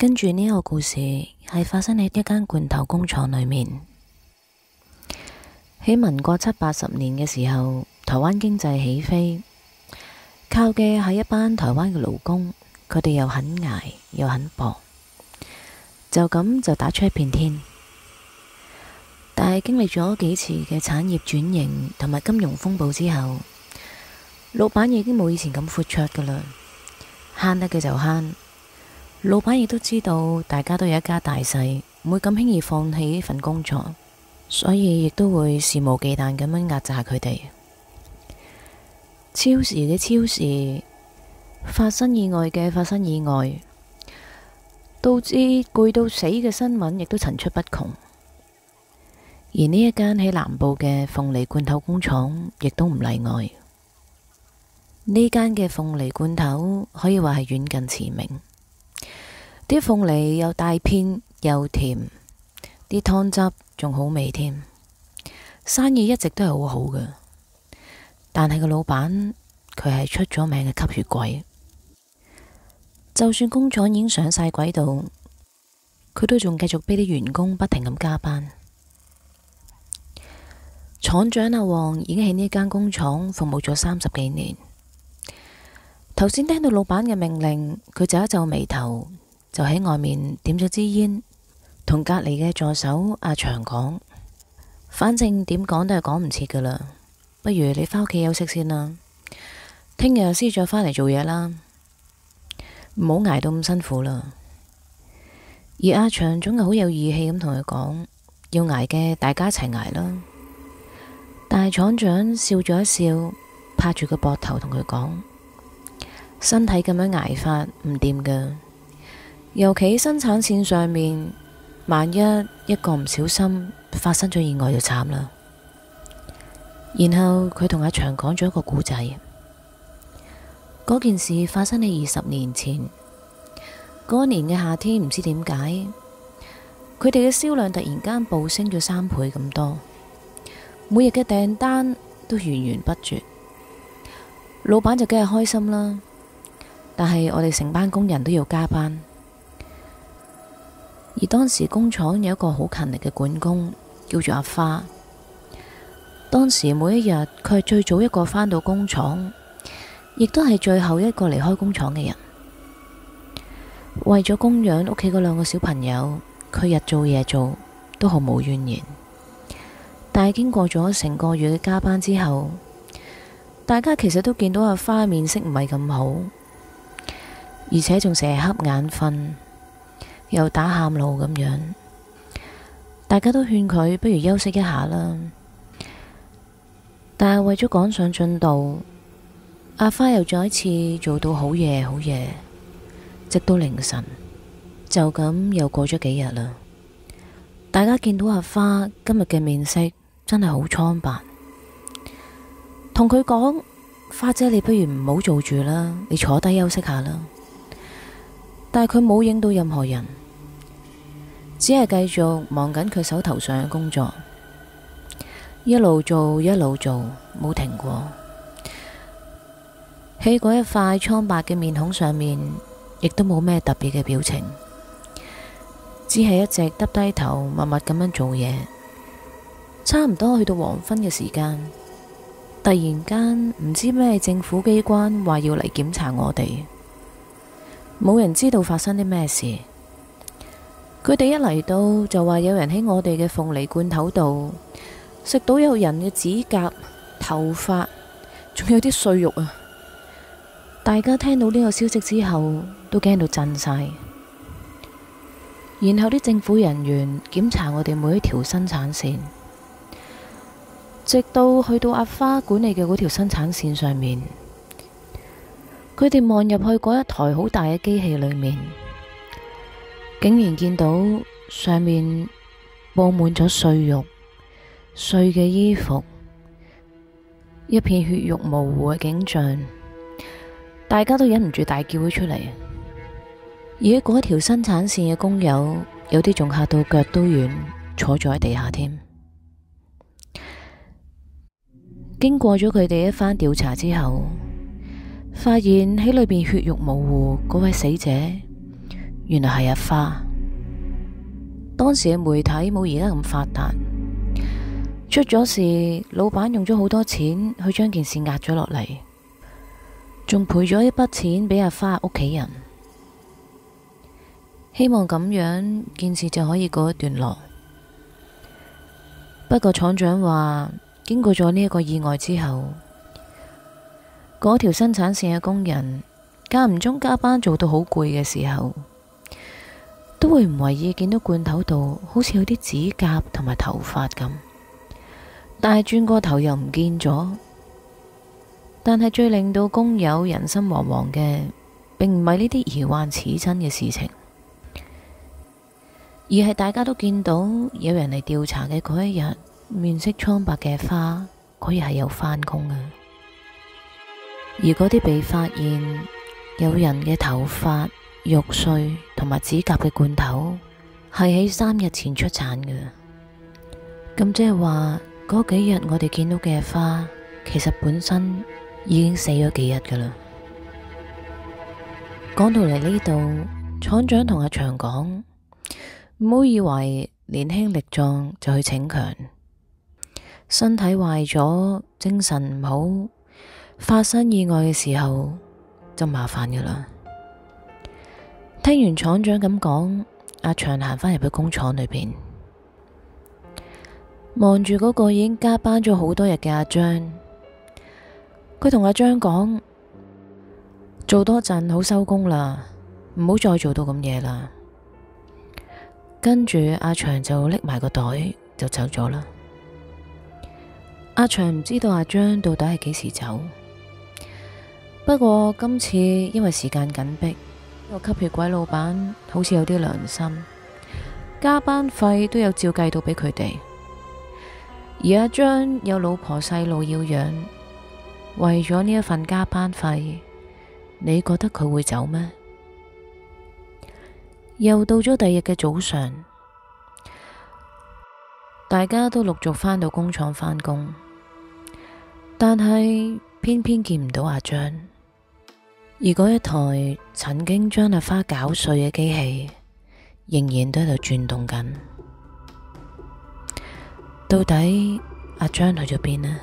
跟住呢個故事係發生喺一間罐頭工廠裏面，喺民國七八十年嘅時候，台灣經濟起飛，靠嘅係一班台灣嘅勞工，佢哋又肯捱又肯搏，就咁就打出一片天。但係經歷咗幾次嘅產業轉型同埋金融風暴之後，老闆已經冇以前咁闊綽噶啦，慳得嘅就慳。老闆亦都知道，大家都有一家大細，唔會咁輕易放棄呢份工作，所以亦都會肆無忌憚咁樣壓榨佢哋。超時嘅超時，發生意外嘅發生意外，導致攰到死嘅新聞亦都層出不窮。而呢一間喺南部嘅鳳梨罐頭工廠亦都唔例外。呢間嘅鳳梨罐頭可以話係遠近馳名。啲鳳梨又大片又甜，啲湯汁仲好味添。生意一直都係好好嘅，但係個老闆佢係出咗名嘅吸血鬼。就算工廠已經上晒軌道，佢都仲繼續畀啲員工不停咁加班。廠長阿旺已經喺呢一間工廠服務咗三十幾年。頭先聽到老闆嘅命令，佢就皺一皺眉頭。就喺外面點咗支煙，同隔籬嘅助手阿祥講：反正點講都係講唔切噶啦，不如你返屋企休息先啦，聽日先再返嚟做嘢啦，唔好挨到咁辛苦啦。而阿祥總係好有義氣咁同佢講，要挨嘅大家一齊挨啦。但係廠長笑咗一笑，拍住個膊頭同佢講：身體咁樣挨法唔掂噶尤其生產線上面，萬一一個唔小心發生咗意外，就慘啦。然後佢同阿祥講咗一個故仔，嗰件事發生喺二十年前嗰年嘅夏天，唔知點解佢哋嘅銷量突然間暴升咗三倍咁多，每日嘅訂單都源源不絕，老闆就梗係開心啦。但係我哋成班工人都要加班。而當時工廠有一個好勤力嘅管工，叫做阿花。當時每一日佢係最早一個返到工廠，亦都係最後一個離開工廠嘅人。為咗供養屋企嗰兩個小朋友，佢日做夜做，都毫無怨言，言。但係經過咗成個月嘅加班之後，大家其實都見到阿花面色唔係咁好，而且仲成日瞌眼瞓。又打喊路咁樣，大家都勸佢不如休息一下啦。但係為咗趕上進度，阿花又再一次做到好夜好夜，直到凌晨，就咁又過咗幾日啦。大家見到阿花今日嘅面色真係好蒼白，同佢講：花姐，你不如唔好做住啦，你坐低休息下啦。但係佢冇影到任何人。只係繼續忙緊佢手頭上嘅工作，一路做一路做，冇停過。喺嗰一塊蒼白嘅面孔上面，亦都冇咩特別嘅表情，只係一直耷低頭，默默咁樣做嘢。差唔多去到黃昏嘅時間，突然間唔知咩政府機關話要嚟檢查我哋，冇人知道發生啲咩事。佢哋一嚟到就話有人喺我哋嘅鳳梨罐頭度食到有人嘅指甲、頭髮，仲有啲碎肉啊！大家聽到呢個消息之後都驚到震晒。然後啲政府人員檢查我哋每一條生產線，直到去到阿花管理嘅嗰條生產線上面，佢哋望入去嗰一台好大嘅機器裏面。竟然見到上面布滿咗碎肉、碎嘅衣服，一片血肉模糊嘅景象，大家都忍唔住大叫咗出嚟。而喺嗰一條生產線嘅工友，有啲仲嚇到腳都軟，坐咗喺地下添。經過咗佢哋一番調查之後，發現喺裏邊血肉模糊嗰位死者。原來係阿花，當時嘅媒體冇而家咁發達，出咗事，老闆用咗好多錢去將件事壓咗落嚟，仲賠咗一筆錢俾阿花屋企人，希望咁樣件事就可以過一段落。不過廠長話，經過咗呢一個意外之後，嗰條生產線嘅工人間唔中加班做到好攰嘅時候。都會唔為意，見到罐頭度好似有啲指甲同埋頭髮咁，但係轉過頭又唔見咗。但係最令到工友人心惶惶嘅，並唔係呢啲疑幻似真嘅事情，而係大家都見到有人嚟調查嘅嗰一日，面色蒼白嘅花嗰日係有翻工啊。而嗰啲被發現。有人嘅頭髮、肉碎同埋指甲嘅罐頭係喺三日前出產噶，咁即係話嗰幾日我哋見到嘅花，其實本身已經死咗幾日噶啦。講到嚟呢度，廠長同阿祥講：唔好以為年輕力壯就去逞強，身體壞咗、精神唔好、發生意外嘅時候。就麻煩嘅啦！聽完廠長咁講，阿祥行返入去工廠裏邊，望住嗰個已經加班咗好多日嘅阿張，佢同阿張講，做多陣好收工啦，唔好再做到咁夜啦。跟住阿祥就拎埋個袋就走咗啦。阿祥唔知道阿張到底係幾時走。不過今次因為時間緊迫，個吸血鬼老闆好似有啲良心，加班費都有照計到俾佢哋。而阿張有老婆細路要養，為咗呢一份加班費，你覺得佢會走咩？又到咗第二日嘅早上，大家都陸續返到工廠返工，但係偏偏見唔到阿張。如果一台曾經將阿花攪碎嘅機器，仍然都喺度轉動緊，到底阿張去咗邊呢？